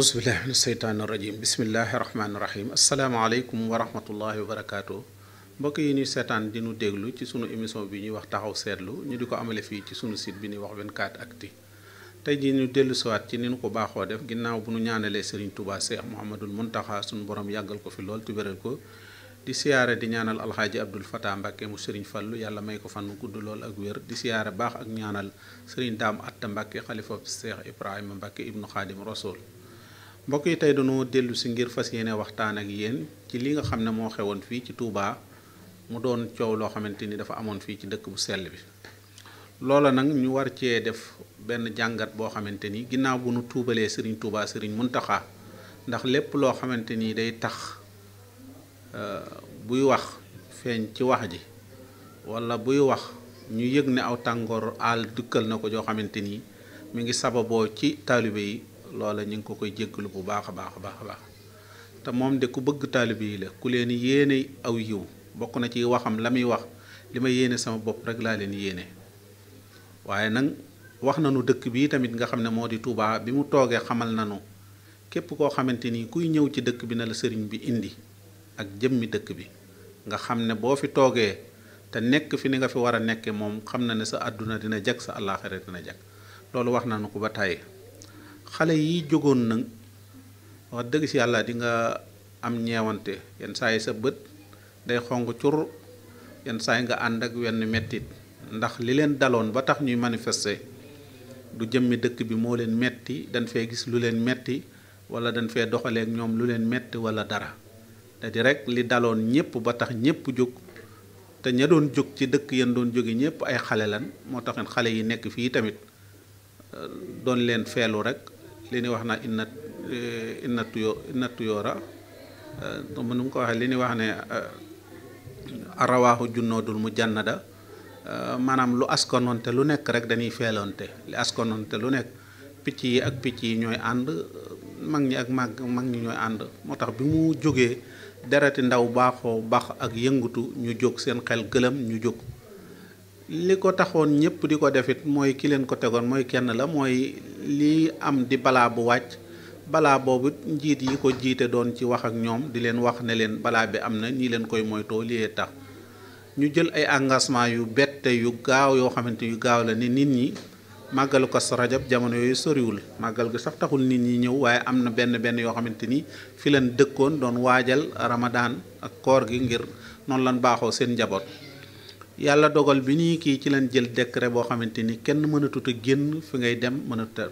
aus billahi min seytaani rajim bismillahi rahmaani rahim asalaamaaleykum wa rahmatullahi wa barakaatu mbokk yi ñuy seetaan di nu déglu ci sunu émission bi ñuy wax taxaw seetlu ñu di ko amale fii ci sunu site bi ñuy wax 24 actu tey jii ñu dellu siwaat ci ni ko baaxoo def ginnaaw bu nu ñaanalee Serigne Touba Cheikh Mouhamadul Muntaxa sunu borom yàggal ko fi lool te wéral ko di siyaare di ñaanal alxaaji abdul fata mbàkke mu sëriñ fallu yàlla may ko fannu mu gudd lool ak wér di siyaare baax ak ñaanal sëriñ daam atta mbàkke xalifa seex ibrahima mbàkke ibnu xaadim rasul mbokk yi tey dañoo dellu si ngir fas yéene waxtaan ak yéen ci li nga xam ne moo xewoon fii ci Touba mu doon coow loo xamante ni dafa amoon fii ci dëkk bu sell bi loola nag ñu war cee def benn jàngat boo xamante ni ginnaaw bu nu tuubalee Serigne sëriñ Serigne taxa ndax lépp loo xamante nii day tax euh, buy wax feeñ ci wax ji wala buy wax ñu yëg ni aw tàngoor àll dukkal na ko joo xamante ni mu ngi sababoo ci taalibe yi. loola ñu ngi ko koy jéggalu bu baax a baax a baax a baax te moom de ku bëgg taalibe yi la ku leen yéene aw yiw bokk na ci waxam la muy wax li ma yéene sama bopp rek laa leen yéene waaye nag wax nañu dëkk bii tamit nga xam ne moo di Touba bi mu toogee xamal nañu képp koo xamante ni kuy ñëw ci dëkk bi na la sëriñ bi indi ak jëmmi dëkk bi nga xam ne boo fi toogee te nekk fi ni nga fi war a nekkee moom xam na ne sa àdduna dina jag sa àllaaxira dina jag loolu wax nañu ko ba tàyyi xale yi jógoon nag wax dëgg si yàlla di nga am ñeewante yenn saa sa bët day xong cur yenn saa nga ànd ak wenn mettit ndax li leen daloon ba tax ñuy manifester du jëmmi dëkk bi moo leen metti dañ fee gis lu leen metti wala dañ fee doxaleek ñoom lu leen metti wala dara te di rek li daloon ñépp ba tax ñépp jóg te ña doon jóg ci dëkk yan doon jóge ñépp ay xale lan moo tax xale yi nekk fii tamit euh, doon leen feelu rekk li ñuy wax na inna eh, inna tuyo inna tuyoora eh, nu ko waxee li ñuy wax ne eh, arawaaxu junnoodul mu jànnada maanaam lu askanoonte lu nekk rek dañuy feeloonte li askanoonte lu nekk picc yi ak picc yi ñooy ànd mag ñi ak mag mag ñi ñooy ànd moo tax bi mu jógee dereti ndaw baaxoo baax ak yëngutu ñu jóg seen xel gëlëm ñu jóg li ko taxoon ñëpp di ko def it mooy ki leen ko tegoon mooy kenn la mooy lii am di balaa bu wàcc balaa boobu njiit yi ko jiite doon ci wax ak ñoom di leen wax ne leen balaa bi am na ñii leen koy moytoo liyee tax ñu jël ay engagement yu bette yu gaaw yoo xamante yu gaaw la ne nit ñi màggalu Kazu Rajab jamono yooyu soriwul màggal gi sax taxul nit ñi ñëw waaye am na benn benn yoo xamante ni fi leen dëkkoon doon waajal ramadaan ak koor gi ngir noonu lan baaxoo seen njaboot yàlla dogal bi ñuy kii ci leen jël décret boo xamante ni kenn mënatut génn fi ngay dem mënatut a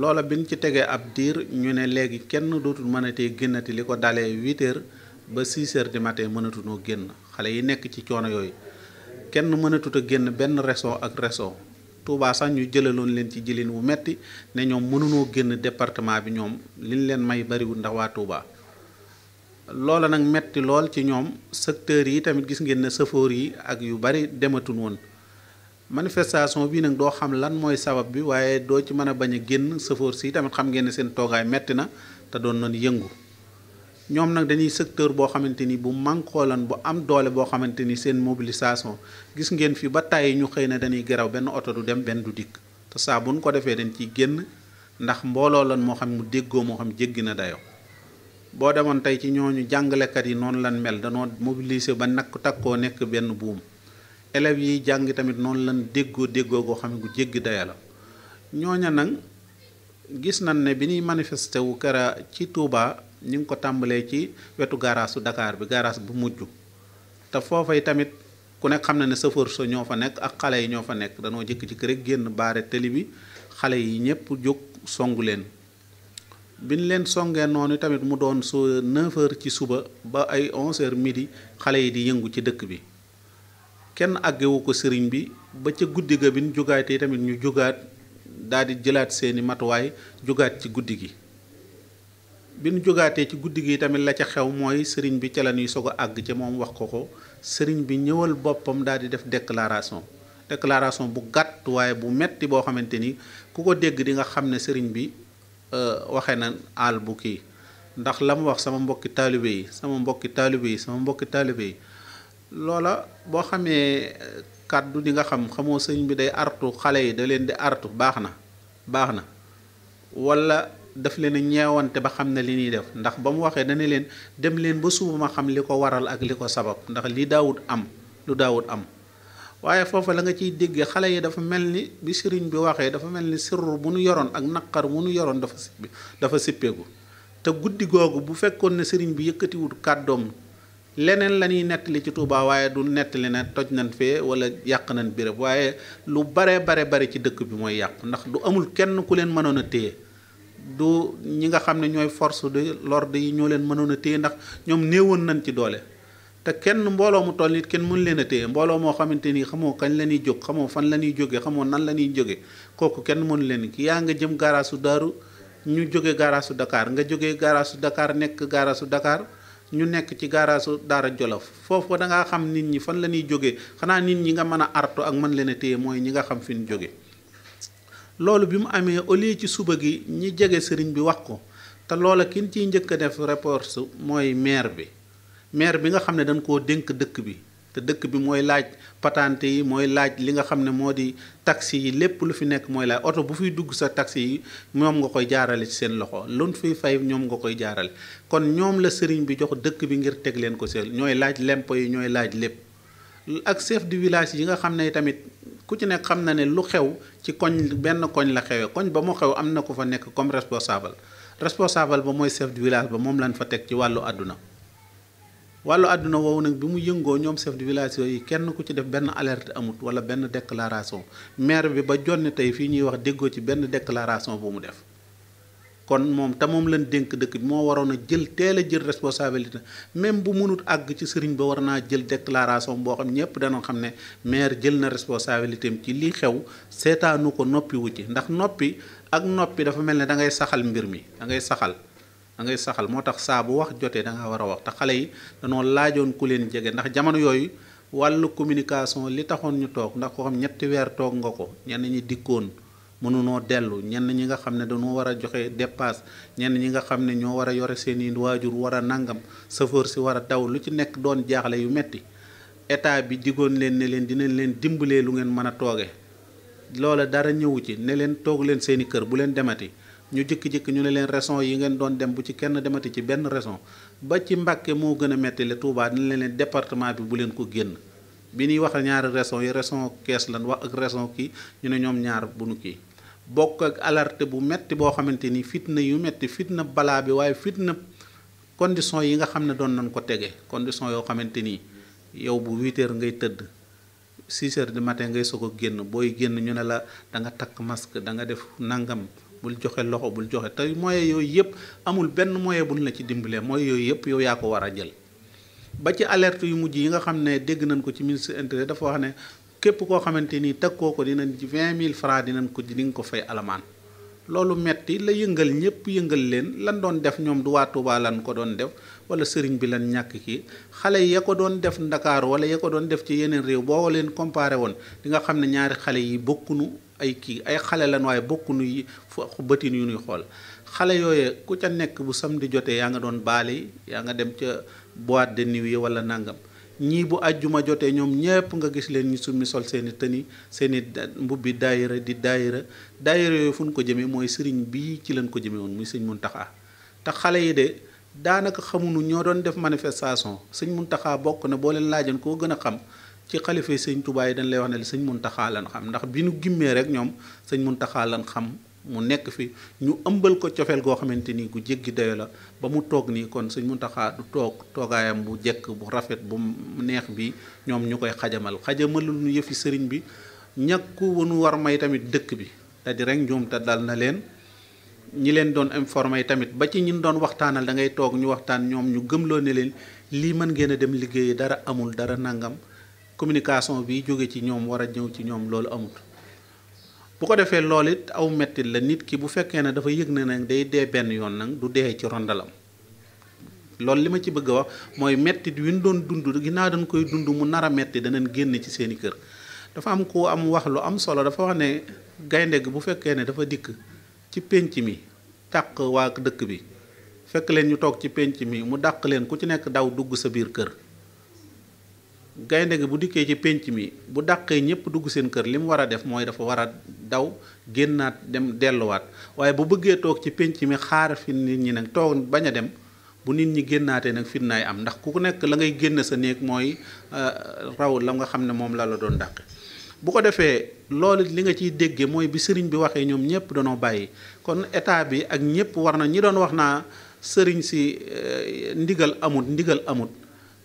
loola bi ñu ci tegee ab diir ñu ne léegi kenn dootul mënatee génnati li ko dalee huit ba six heures du matin génn xale yi nekk ci coono yooyu kenn mënatut a génn benn région ak région Touba sax ñu jëlaloon leen ci jëlin wu metti ne ñoom mënunoo génn département bi ñoom liñ leen may bariwul ndax waa Touba loola nag metti lool ci ñoom secteurs yi tamit gis ngeen ne safoor yi ak yu bari dematul woon manifestation bii nag doo xam lan mooy sabab bi waaye doo ci mën a bañ a génn safoor si tamit xam ngeen ne seen toogaay metti na te doon nañ yëngu ñoom nag dañuy secteur boo xamante ni bu mànkoo lan bu am doole boo xamante ni seen mobilisation gis ngeen fi ba tàyyi ñu xëy na dañuy garaw benn oto du dem benn du dikk te saa buñ ko defee dañ ci génn ndax mbooloo lan moo xam mu déggoo moo xam jéggi na dayoo boo demoon tey ci ñooñu jàngalekat yi noonu lan mel danoo mobiliser ba nak takkoo nekk benn buum élèves yi jàng tamit noonu lan déggoo déggoo goo xam ne gu jéggi daya la ñooña nag gis nañ ne bi ñuy manifesté wu kara ci Touba ñu ngi ko tàmbalee ci wetu garage su Dakar bi garage bu mujj te foofay tamit ku nekk xam na ne chauffeur so ñoo fa nekk ak xale yi ñoo fa nekk danoo jëkk-jëkk rek génn baare tëli bi xale yi ñëpp jóg songu leen bin leen songee noonu tamit mu doon su 9 ci suba ba ay 11 midi xale yi di yëngu ci dëkk bi kenn àggewu ko sëriñ bi ba ca guddi ga biñ jugaatee tamit ñu jugaat daal di jëlaat seeni matuwaay jógaat ci guddi gi. bi nu jógaatee ci guddi gi tamit la ca xew mooy sëriñ bi ca la ñuy soog a àgg ca moom wax ko ko sëriñ bi ñëwal boppam daal di def déclaration déclaration bu gàtt bu metti boo xamante ni ku ko dégg di nga xam ne sëriñ bi Euh, waxee na àll bu kii ndax la mu wax sama mbokki taalibe yi sama mbokki taalibe yi sama mbokki taalibe yi loola boo xamee kàddu di nga xam xamoo sëñ bi day artu xale yi da leen di artu baax na baax na wala daf leen a ñeewante ba xam ne li ñuy def ndax ba mu waxee dana leen dem leen ba suba ma xam li ko waral ak li ko sabab ndax li daawut am lu daawut am waaye foofa la nga ciy déggee xale yi dafa mel ni bi sëriñ bi waxee dafa mel ni sirru bu nu yoroon ak naqar bu nu yoroon dafa sippi dafa sippeeku te guddi googu bu fekkoon ne sëriñ bi yëkkatiwut kàddoom leneen la ñuy nettali ci Touba waaye du nettali ne toj nañ fee wala yàq nañ béréb waaye lu bare bare bare ci dëkk bi mooy yàqu ndax du amul kenn ku leen mënoon a téye du ñi nga xam ne ñooy force de l'ordre yi ñoo leen mënoon a téye ndax ñoom néewoon nañ ci doole te kenn mbooloo mu toll nit kenn mën leen a téye mbooloo moo xamante ni xamoo kañ la ñuy jóg xamoo fan la ñuy jóge xamoo nan la ñuy jóge kooku kenn mënu leen ki yaa nga jëm gaaraasu daaru ñu jóge gaaraasu Dakar nga jóge gaaraasu Dakar nekk garasu Dakar ñu nekk ci gaaraasu Daara Jolof foofu da ngaa xam nit ñi fan la ñuy jóge xanaa nit ñi nga mën a artu ak mën leen a téye mooy ñi nga xam fi ñu jóge loolu bi mu amee au lieu ci suba gi ñi jege sëriñ bi wax ko te loola kin ciy njëkk a def rapport mooy maire bi maire bi nga xam ne dañ koo dénk dëkk bi te dëkk bi mooy laaj patente yi mooy laaj li nga xam ne moo di taxi yi lépp lu fi nekk mooy laaj oto bu fiy dugg sa taksi yi moom nga koy jaarale ci seen loxo loolu fiy fay ñoom nga koy jaarale kon ñoom la sëriñ bi jox dëkk bi ngir teg leen ko seen ñooy laaj lemp yi ñooy laaj lépp ak chef de village yi nga xam ne tamit ku ci nekk xam na ne lu xew ci koñ benn koñ la xewee koñ ba mu xew am na ko fa nekk comme responsable responsable ba mooy chef de village ba moom fa teg ci wàllu àdduna wàllu àdduna woowu nag bi mu yëngoo ñoom chef de village yooyu kenn ku ci def benn alerte amut wala benn déclaration maire bi ba jonni tey fii ñuy wax déggoo ci benn déclaration bu mu def kon moom te moom lañ dénk dëkk bi moo waroon a jël teel a jël responsabilité même bu mënut àgg ci sëriñ ba war naa jël déclaration boo xam ñëpp dana xam ne maire jël na responsabilité am ci li xew seetaanu ko noppi ci ndax noppi ak noppi dafa mel ne dangay saxal mbir mi da ngay saxal da saxal moo tax saa bu wax jotee da nga war a wax te xale yi danoo laajoon ku leen jege ndax jamono yooyu wàllu communication li taxoon ñu toog ndax ko xam ñetti weer toog nga ko ñenn ñi dikkoon mënunoo dellu ñenn ñi nga xam ne dañoo war a joxe dépasse ñenn ñi nga xam ne ñoo war a yore seen i waajur war a nangam chauffeur si war a daw lu ci nekk doon jaaxle yu metti état bi digoon leen ne leen dinañ leen dimbalee lu ngeen mën a tooge loola dara ñëwu ci ne leen toog leen seen i kër bu leen demati ñu jëkki-jëkki ñu ne leen raison yi ngeen doon dem bu ci kenn demati ci benn raison ba ci Mbàkke moo gën a metti la Touba dina leen département bi bu leen ko génn bi ñuy wax ñaari raison yi raison kees lan wax ak raison kii ñu ne ñoom ñaar bu nu kii bokk ak alerte bu metti boo xamante ni fitna yu metti fitna balaa bi waaye fitna condition yi nga xam ne doon nañ ko tege condition yoo xamante ni yow bu 8 ngay tëdd 6 heures du ngay soog a génn booy génn ñu ne la da takk masque da nga def nangam bul joxe loxo bul joxe te moyen yooyu yëpp amul benn moyen buñ la ci dimbalee mooy yooyu yëpp yow yaa ko war a jël ba ci alerte yu mujj yi nga xam ne dégg nañ ko ci ministre intérieur dafa wax ne képp koo xamante ni teg koo ko dinañ ci vingt mille francs dinañ ko di ko fay alamaan loolu metti la yëngal ñëpp yëngal leen lan doon def ñoom du waa Tuuba lan ko doon def wala sëriñ bi lan ñàkk kii xale ya ko doon def Ndakaaru wala ya ko doon def ci yeneen réew boo leen comparé woon di nga xam ne ñaari xale yi bokkunu ay kii ay xale lan waaye bokkuñu bëtin yu ñuy xool xale yooye ku ca nekk bu samedi jotee yaa nga doon baale yaa nga dem ca boit de nuit yi wala nangam ñii bu àjjuma jotee ñoom ñépp nga gis leen ñu summi sol seeni tëni seeni mbubbi daayira di daayira daayira yooyu fu ñu ko jëmee mooy sëriñ bii ci leen ko jëmee woon muy sëñ taxaa te xale yi de daanaka xamuñu ñoo doon def manifestation sëñ taxaa bokk na boo leen laajoon koo gën a xam ci xalifa sëñ Tuubaa yi dañ lay wax ne sëñ Muntaxaa lan xam ndax bi nu gimmee rek ñoom sëñ Muntaxaa lan xam mu nekk fi ñu ëmbal ko cofeel goo xamante ni gu jéggi dayo la ba mu toog nii kon sëñ Muntaxaa du toog toogaayam bu jekk bu rafet bu neex bi ñoom ñu koy xajamal xajamalul ñu yëfi sëriñ bi ñàkku nu war may tamit dëkk bi c'est-à-dire njuum te dal na leen ñi leen doon informé tamit ba ci ñun doon waxtaanal da ngay toog ñu waxtaan ñoom ñu gëmloo ne leen lii mën ngeen a dem liggéeyi dara amul dara nangam communication bi jóge ci ñoom war a ñëw ci ñoom loolu amut bu ko defee loolu it aw mettit la nit ki bu fekkee ne dafa yëg ne nag day dee benn yoon nag du dee ci rondalam loolu li ma ci bëgg a wax mooy mettit wi ñu doon dund ginnaaw dañ koy dund mu nar a metti danañ génn ci seeni kër dafa am ku am wax lu am solo dafa wax ne gaynde gi bu fekkee ne dafa dikk ci pénc mi tàq waa dëkk bi fekk leen ñu toog ci pénc mi mu dàq leen ku ci nekk daw dugg sa biir kër gaynde gi bu dikkee ci pénc mi bu dàqee ñëpp dugg seen kër li mu war a def mooy dafa war a daw génnaat dem delluwaat waaye bu bëggee toog ci pénc mi xaar fi nit ñi nag toog bañ a dem bu nit ñi génnaatee nag fitnaay am ndax ku nekk la ngay génn sa néeg mooy euh, raw la nga xam ne moom la la doon dàqe bu ko defee loolu li nga ciy déggee mooy bi sëriñ bi waxee ñoom ñëpp danoo bàyyi kon état bi ak ñëpp war na ñi doon wax naa sëriñ si euh, ndigal amut ndigal amut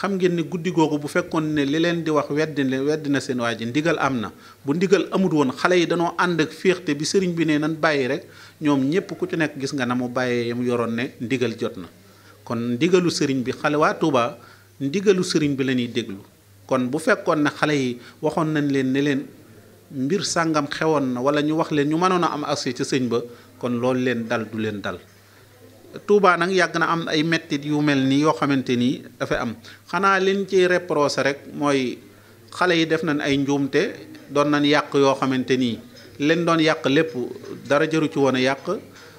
xam ngeen ne guddi googu bu fekkoon ne li leen di wax weddi na weddi na seen waa ji ndigal am na bu ndigal amut woon xale yi danoo ànd ak féexte bi sëriñ bi ne nan bàyyi rek ñoom ñépp ku ci nekk gis nga ne mu bàyyee yam yoroon ne ndigal jot na kon ndigalu sëriñ bi xale waa Touba ndigalu sëriñ bi la ñuy déglu kon bu fekkoon ne xale yi waxoon nañ leen ne leen mbir sàngam xewoon na wala ñu wax leen ñu mënoon a am accès ca sëñ ba kon loolu leen dal du leen dal Touba nag yàgg na am ay mettit yu mel nii yoo xamante ni dafa am xanaa leen ci reprocher rek mooy xale yi def nañ ay njuumte doon nañ yàq yoo xamante ni leen doon yàq lépp dara jëru ci woon yàq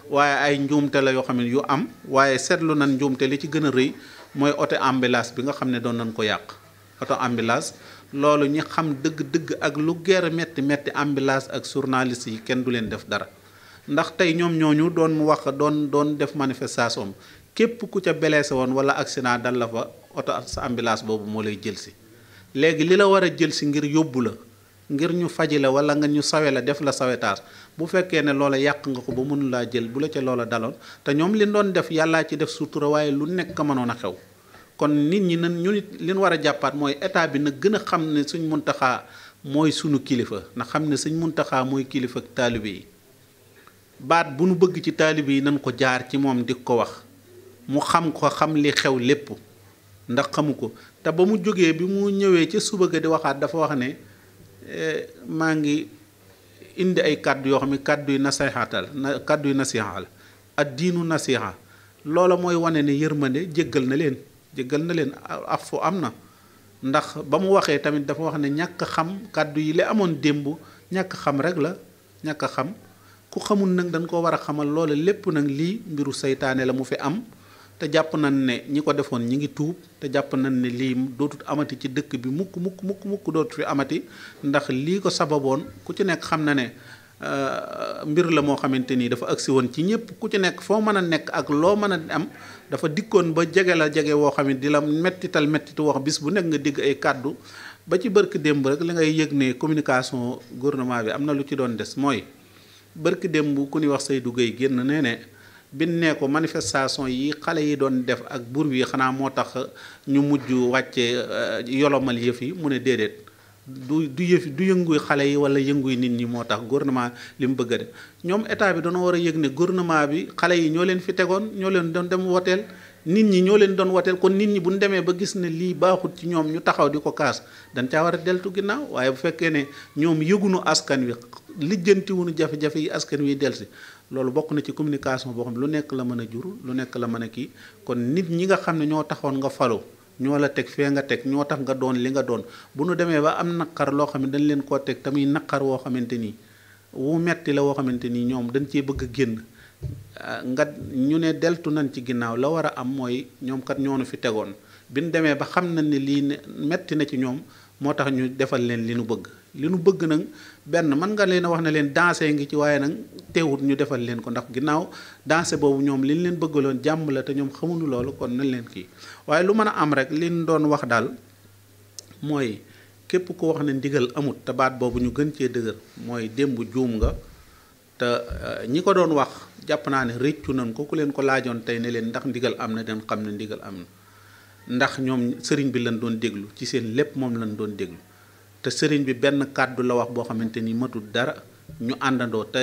waaye ay njuumte la yoo xam ne yu am waaye seetlu nañ njuumte li ci gën a rëy mooy oto ambulance bi nga xam ne doon nañ ko yàq oto ambulance loolu ñi xam dëgg-dëgg ak lu gër metti metti ambulance ak journaliste yi kenn du leen def dara. ndax tey ñoom ñoo ñu doon wax doon doon def manifestation képp ku ca blessé woon wala accident dal la fa oto sa ambulance boobu moo lay jël si léegi li la war a jël si ngir yóbbu la ngir ñu faji la wala nga ñu sawe la def la sawetaas bu fekkee ne loola yàq nga ko ba mënu jël bu la ca loola daloon te ñoom li doon def yàllaa ci def sutura waaye lu nekk mënoon a xew kon nit ñi nan ñu nit li ñu war a jàppaat mooy état bi na gën a xam ne suñ muntaxaa mooy sunu kilifa na xam ne suñ muntaxaa mooy kilifa taalibe yi baat bu nu bëgg ci taalibe yi nan ko jaar ci moom di ko wax mu xam ko xam li xew lépp ndax xamu ko te ba mu jógee bi mu ñëwee ca suba ga di waxaat dafa wax ne eh, maa ngi indi ay kàddu yoo xam ne kàddu yu nasihaatal na kàddu yu nasiha la diinu nasiha loola mooy wane ne yërmande jéggal na leen jéggal na leen af fu am na ndax ba mu waxee tamit dafa wax ne ñàkk xam kàddu yi li amoon démb ñàkk xam rek la ñàkk xam ku xamul nag dañ koo war a xamal loole lépp nag lii mbiru seytaane la mu fi am te jàpp nañ ne ñi ko defoon ñi ngi tuub te jàpp nañ ne lii dootut amati ci dëkk bi mukk mukk mukk mukk dootut fi amati ndax lii ko sababoon ku ci nekk xam na ne euh, mbir la moo xamante ni dafa agsi woon ci ñëpp ku ci nekk foo mën a nekk ak loo mën a am dafa dikkoon ba jege la jege woo xam ne di la mettital mettitu wax bis bu nekk nga digg ay kàddu ba ci bërk démb rek li ngay yëg ne communication gouvernement bi am na lu ci doon des mooy barki démb ku ni wax Seydou Gueye génn nee ne bin nee ko manifestation yi xale yi doon def ak buur wi xanaa moo tax ñu mujj wàcce euh, yolomal yëf yi mu ne déedéet du du yëf du yënguy xale yi wala yënguy nit ñi moo tax gouvernement li mu bëgg a def ñoom état bi dañoo war a yëg ne gournement bi xale yi ñoo leen fi tegoon ñoo leen doon dem woteel nit ñi ñoo leen doon wateel kon nit ñi bu ñu demee ba gis ne lii baaxut ci ñoom ñu taxaw di ko kaas dañ caa war a deltu ginnaaw waaye bu fekkee ne ñoom yëgunu askan wi lijjantiwunu jafe-jafe yi askan wi delsi loolu bokk na ci communication boo xam lu nekk la mën a jur lu nekk la mën a kii kon nit ñi nga xam ne ñoo taxoon nga falu ñoo la teg fee nga teg ñoo tax nga doon li nga doon bu nu demee ba am naqar loo xam ne dañ leen koo teg tamuy naqar woo xamante nii wu metti la woo xamante nii ñoom dañ cee bëgg a génn nga ñu ne deltu nañ ci ginnaaw la war a am mooy ñoom kat ñoonu fi tegoon bi ñu demee ba xam na ni lii ne metti na ci ñoom moo tax ñu defal leen li nu bëgg li nu bëgg nag benn mën nga leen wax na leen danse ngi ci waaye nag teewut ñu defal leen ko ndax ginnaaw danse boobu ñoom liñ leen bëggaloon jàmm la te ñoom xamuñu loolu kon nañ leen kii waaye lu mën a am rek li ñu doon wax daal mooy képp ko wax ne ndigal amut te baat boobu ñu gën cee dëgër mooy démb juum nga te euh, ñi ko doon wax jàpp naa ne rëccu nañ ko ku leen ko laajoon tey ne leen ndax ndigal am na dañ xam ne ndigal am na ndax ñoom sëriñ bi lan doon déglu ci seen lépp moom lañ doon déglu te sëriñ bi benn kàddu la wax boo xamante ni matul dara ñu àndandoo te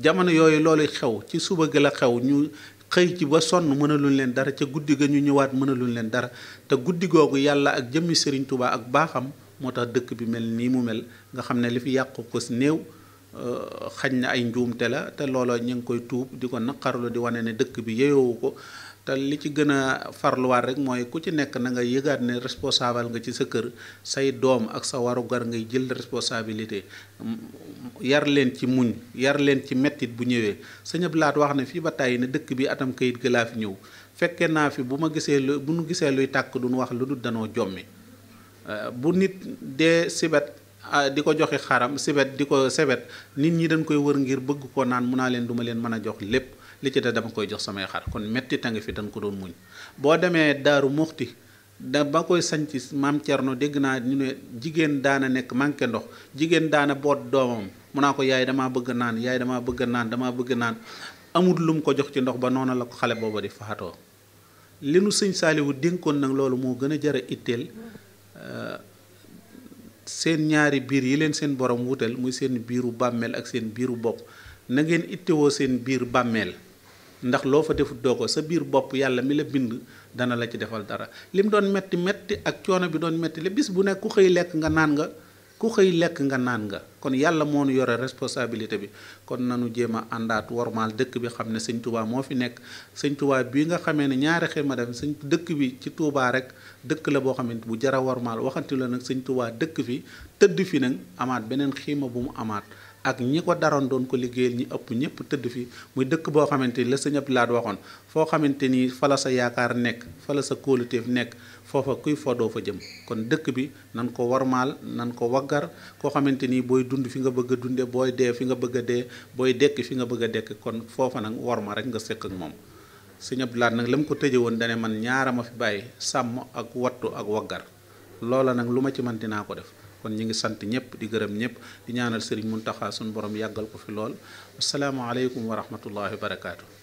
jamono yooyu loolu xew ci suba gi la xew ñu xëy ci ba sonn mënaluñ leen dara ca guddi ga ñëwaat mënaluñ leen dara te guddi googu yàlla ak jëmmi sëriñ Tuubaa ak baaxam moo tax dëkk bi mel nii mu mel nga xam ne li fi yàqu ko néew Euh, xañ na ay njuumte la te looloo ñu ngi koy tuub di ko naqarlu di wane ne dëkk bi yeyowu ko te li ci gën a farluwaat rek mooy ku ci nekk na nga yëgaat ne responsable nga ci sa kër say doom ak sa warugar ngay jël responsabilité mm, yar leen ci muñ yar leen ci mettit bu ñëwee sëñ Abdou Lahad wax na fii ba tàyyi ne dëkk bi atam kayit ga laa fi ñëw fekke naa fi bu ma gisee lu bu gisee luy tàkk duñu wax lu dul danoo jommi euh, bu nit dee sibet di ko joxe xaram sibet di ko sebet nit ñi dañ koy wër ngir bëgg ko naan mun naa leen duma leen mën a jox lépp li ci da dama koy jox samay xar kon métti tàng fi dañ ko doon muñ boo demee daaru muxti da ba koy sanc maam Cerno dégg naa ñu ne jigéen daana nekk manqué ndox jigéen daana boot doomam mu naa ko yaay damaa bëgg naan yaay damaa bëgg naan damaa bëgg naan amut lu mu ko jox ci ndox ba noonu la ko xale booba di faatoo li nu sëñ Saaliwu dénkoon nag loolu moo gën a jara itteel euh, seen ñaari biir yi leen seen borom wutal muy seen biiru bàmmeel ak seen biiru bopp na ngeen ittewoo seen biir bàmmeel ndax loo fa defut doo ko sa biir bopp yàlla mi la bind dana la ci defal dara lim doon metti metti ak coono bi doon metti la bis bu nekk ku xëy lekk nga naan nga ku xëy lekk nga naan nga kon yàlla moo nu yore responsabilité bi kon nanu jéem a àndaat wormaal dëkk bi xam ne sëñ Touba moo fi nekk sëñ Touba bii nga xamee ne ñaari xel ma dem sëñ dëkk bi ci Touba rek dëkk la boo xamante bu jara wormaal waxante la nag sëñ dëkk fi tëdd fi nag amaat beneen xiima bu mu amaat ak ñi ko daroon doon ko liggéeyal ñi ëpp ñëpp tëdd fi muy dëkk boo xamante ni la sëñ Abdou Lahad waxoon foo xamante ni fa sa yaakaar nekk fa sa kóoluteef nekk foofa kuy foddoo fa jëm kon dëkk bi nan ko warmaal nan ko waggar koo xamante ni booy dund fi nga bëgg a dunde booy dee fi nga bëgg a dee booy dekk fi nga bëgg a dekk kon foofa nag warma rek nga sekk ak moom sëñ Abdou Lahad nag la mu ko tëje woon dane man ñaara ma fi bàyyi sàmm ak wattu ak waggar loola nag lu ma ci man naa ko def kon ñu ngi sant ñëpp di gërëm ñëpp di ñaanal sëriñ taxaa suñu borom yàggal ko fi lool asalaamaaleykum wa rahmatullahi wa barakaatu.